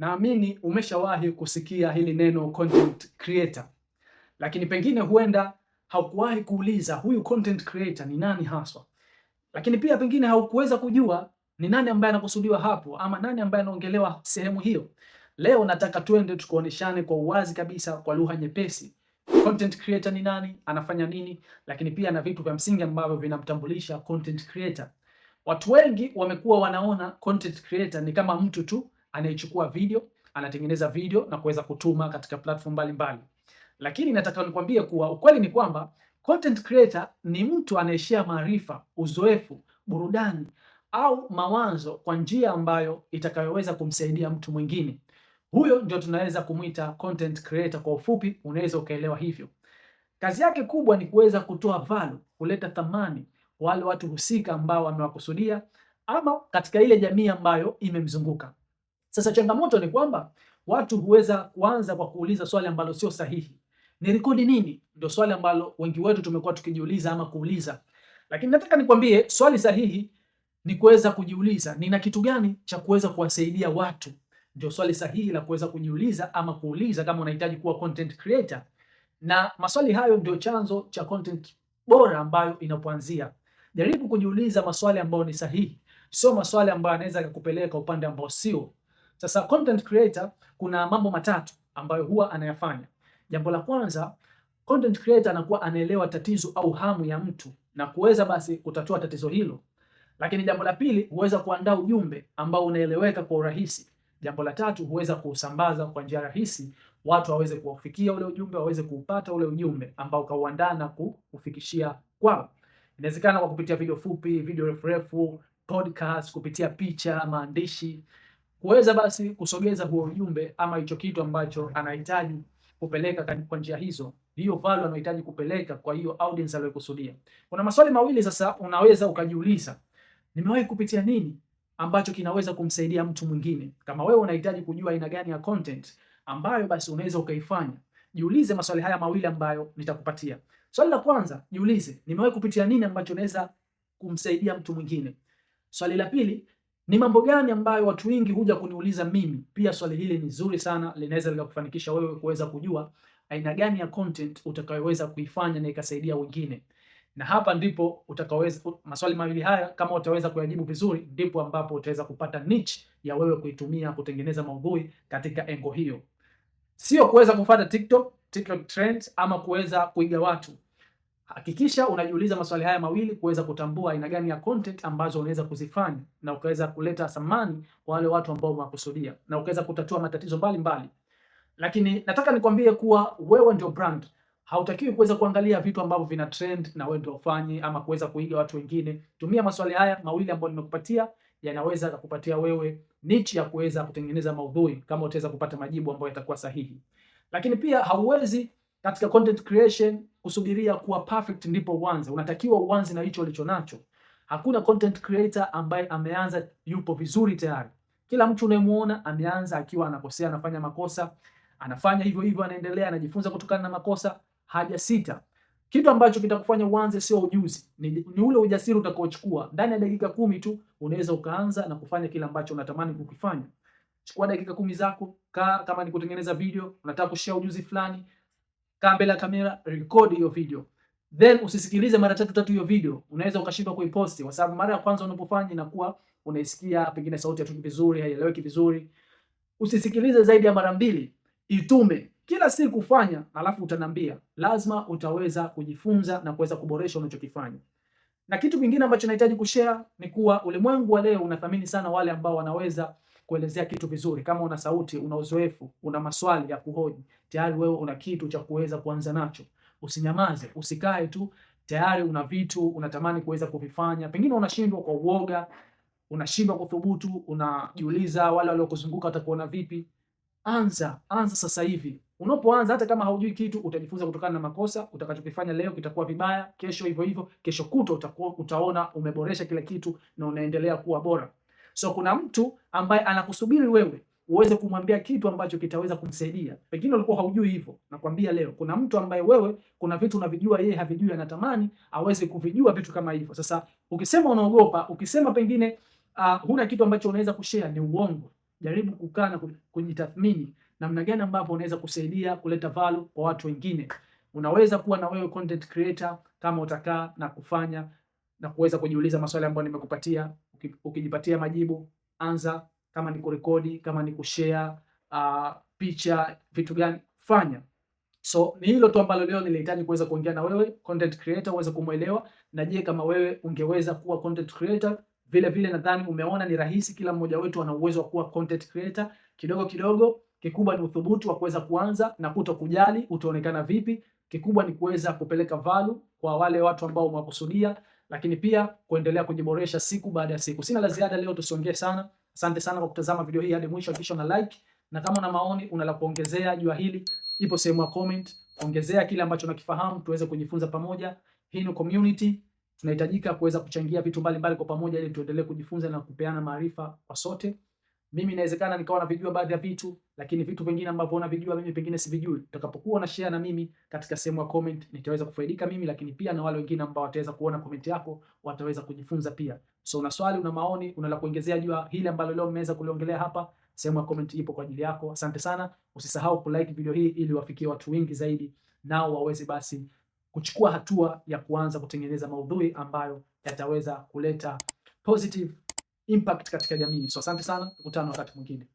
Naamini umeshawahi kusikia hili neno content creator, lakini pengine huenda haukuwahi kuuliza huyu content creator ni nani haswa, lakini pia pengine haukuweza kujua ni nani ambaye anakusudiwa hapo ama nani ambaye anaongelewa sehemu hiyo. Leo nataka tuende tukuoneshane kwa uwazi kabisa, kwa lugha nyepesi, content creator ni nani, anafanya nini, lakini pia na vitu vya msingi ambavyo vinamtambulisha content creator. Watu wengi wamekuwa wanaona content creator ni kama mtu tu anayechukua video anatengeneza video na kuweza kutuma katika platform mbalimbali. Lakini nataka nikwambie kuwa ukweli ni kwamba content creator ni mtu anayeshare maarifa, uzoefu, burudani au mawazo kwa njia ambayo itakayoweza kumsaidia mtu mwingine. Huyo ndio tunaweza kumwita content creator kwa ufupi, unaweza ukaelewa hivyo. Kazi yake kubwa ni kuweza kutoa value, kuleta thamani wale watu husika ambao amewakusudia ama katika ile jamii ambayo imemzunguka. Sasa changamoto ni kwamba watu huweza kuanza kwa kuuliza swali ambalo sio sahihi. Ni rekodi nini? Ndio swali ambalo wengi wetu tumekuwa tukijiuliza ama kuuliza, lakini nataka nikwambie swali sahihi ni kuweza kujiuliza nina kitu gani cha kuweza kuwasaidia watu. Ndio swali sahihi la kuweza kujiuliza ama kuuliza kama unahitaji kuwa content creator, na maswali hayo ndio chanzo cha content bora ambayo inapoanzia. Jaribu kujiuliza maswali ambayo ni sahihi, sio maswali ambayo yanaweza kukupeleka upande ambao sio. Sasa content creator kuna mambo matatu ambayo huwa anayafanya. Jambo la kwanza, content creator anakuwa anaelewa tatizo au hamu ya mtu na kuweza basi kutatua tatizo hilo. Lakini jambo la pili, huweza kuandaa ujumbe ambao unaeleweka kwa urahisi. Jambo la tatu, huweza kuusambaza kwa njia rahisi, watu waweze kuufikia ule ujumbe, waweze kuupata ule ujumbe ambao kauandaa na kuufikishia kwao. Inawezekana kwa kupitia video fupi, video refu refu, podcast, kupitia picha, maandishi kuweza basi kusogeza huo ujumbe ama hicho kitu ambacho anahitaji kupeleka kwa njia hizo, hiyo value anahitaji kupeleka kwa hiyo audience aliyokusudia. Kuna maswali mawili sasa unaweza ukajiuliza, nimewahi kupitia nini ambacho kinaweza kumsaidia mtu mwingine? Kama wewe unahitaji kujua aina gani ya content ambayo basi unaweza ukaifanya, jiulize maswali haya mawili ambayo nitakupatia. Swali la kwanza, jiulize nimewahi kupitia nini ambacho naweza kumsaidia mtu mwingine. Swali la pili, ni mambo gani ambayo watu wengi huja kuniuliza mimi? Pia swali hili ni zuri sana, linaweza likakufanikisha wewe kuweza kujua aina gani ya content utakayoweza kuifanya na ikasaidia wengine, na hapa ndipo utakaweza. Maswali mawili haya kama utaweza kuyajibu vizuri, ndipo ambapo utaweza kupata niche ya wewe kuitumia kutengeneza maudhui katika engo hiyo, sio kuweza kufuata TikTok, TikTok trend ama kuweza kuiga watu Hakikisha unajiuliza maswali haya mawili kuweza kutambua aina gani ya content ambazo unaweza kuzifanya na ukaweza kuleta thamani kwa wale watu ambao unakusudia na ukaweza kutatua matatizo mbalimbali mbali. Lakini nataka nikwambie kuwa wewe ndio brand. Hautakiwi kuweza kuangalia vitu ambavyo vina trend na wewe ndio ufanye ama kuweza kuiga watu wengine. Tumia maswali haya mawili ambayo nimekupatia yanaweza kukupatia wewe niche ya kuweza kutengeneza maudhui kama utaweza kupata majibu ambayo yatakuwa sahihi. Lakini pia hauwezi katika content creation kusubiria kuwa perfect ndipo uanze. Unatakiwa uanze na hicho ulicho nacho. Hakuna content creator ambaye ameanza yupo vizuri tayari. Kila mtu unayemuona ameanza akiwa anakosea, anafanya makosa, anafanya hivyo hivyo, anaendelea, anajifunza kutokana na makosa, haja sita. Kitu ambacho kitakufanya uanze sio ujuzi, ni, ni ule ujasiri utakaochukua. Ndani ya dakika kumi tu unaweza ukaanza na kufanya kile ambacho unatamani kukifanya. Chukua dakika kumi zako, kaa. Kama ni kutengeneza video, unataka kushare ujuzi fulani kaa mbele ya kamera, rekodi hiyo video, then usisikilize mara tatu tatu hiyo video, unaweza ukashindwa kuiposti, kwa sababu mara ya kwanza unapofanya inakuwa unaisikia pengine sauti hatoki vizuri, haieleweki vizuri. Usisikilize zaidi ya mara mbili, itume kila siku, fanya alafu utanambia. Lazima utaweza kujifunza na kuweza kuboresha unachokifanya. Na kitu kingine ambacho nahitaji kushare ni kuwa ulimwengu wa leo unathamini sana wale ambao wanaweza kuelezea kitu vizuri. Kama una sauti, una uzoefu, una maswali ya kuhoji, tayari wewe una kitu cha kuweza kuanza nacho. Usinyamaze, usikae tu, tayari una vitu unatamani kuweza kuvifanya, pengine unashindwa kwa uoga, unashindwa kuthubutu, unajiuliza wale waliokuzunguka watakuona vipi. Anza, anza sasa hivi. Unapoanza hata kama haujui kitu, utajifunza kutokana na makosa. Utakachokifanya leo kitakuwa vibaya, kesho hivyo hivyo, kesho kuto utakuwa, utaona umeboresha kile kitu na unaendelea kuwa bora. So kuna mtu ambaye anakusubiri wewe uweze kumwambia kitu ambacho kitaweza kumsaidia. Pengine ulikuwa haujui hivyo, nakwambia leo kuna mtu ambaye wewe, kuna vitu unavijua yeye havijui, anatamani aweze kuvijua vitu kama hivyo. Sasa ukisema unaogopa, ukisema pengine uh, huna kitu ambacho unaweza kushare, ni uongo. Jaribu kukaa na kujitathmini namna gani ambapo unaweza kusaidia kuleta value kwa watu wengine. Unaweza kuwa na wewe content creator kama utakaa na kufanya na kuweza kujiuliza maswali ambayo nimekupatia. Ukijipatia majibu, anza kama ni kurekodi, kama ni kushare uh, picha, vitu gani fanya. So ni hilo tu ambalo leo nilihitaji kuweza kuongea na wewe content creator uweze kumuelewa. na je, kama wewe ungeweza kuwa content creator vile vile. Nadhani umeona ni rahisi, kila mmoja wetu ana uwezo wa kuwa content creator kidogo kidogo. Kikubwa ni uthubutu wa kuweza kuanza na kuto kujali utaonekana vipi. Kikubwa ni kuweza kupeleka value kwa wale watu ambao umewakusudia lakini pia kuendelea kujiboresha siku baada ya siku. Sina la ziada leo, tusiongee sana. Asante sana kwa kutazama video hii hadi mwisho, hakikisha una like, na kama una maoni una la kuongezea jua hili, ipo sehemu ya comment, ongezea kile ambacho unakifahamu tuweze kujifunza pamoja. Hii ni community, tunahitajika kuweza kuchangia vitu mbalimbali kwa pamoja, ili tuendelee kujifunza na kupeana maarifa kwa sote mimi inawezekana nikawa navijua baadhi ya vitu, lakini vitu vingine ambavyo unavijua mimi pengine sivijui. Utakapokuwa na share na mimi katika sehemu ya comment, nitaweza kufaidika mimi, lakini pia na wale wengine ambao wataweza kuona comment yako wataweza kujifunza pia. So una swali, una maoni, una la kuongezea juu hili ambalo leo mmeweza kuliongelea hapa, sehemu ya comment ipo kwa ajili yako. Asante sana, usisahau ku like video hii ili wafikie watu wengi zaidi, nao waweze basi kuchukua hatua ya kuanza kutengeneza maudhui ambayo yataweza kuleta positive impact katika jamii. So asante sana, tukutane wakati mwingine.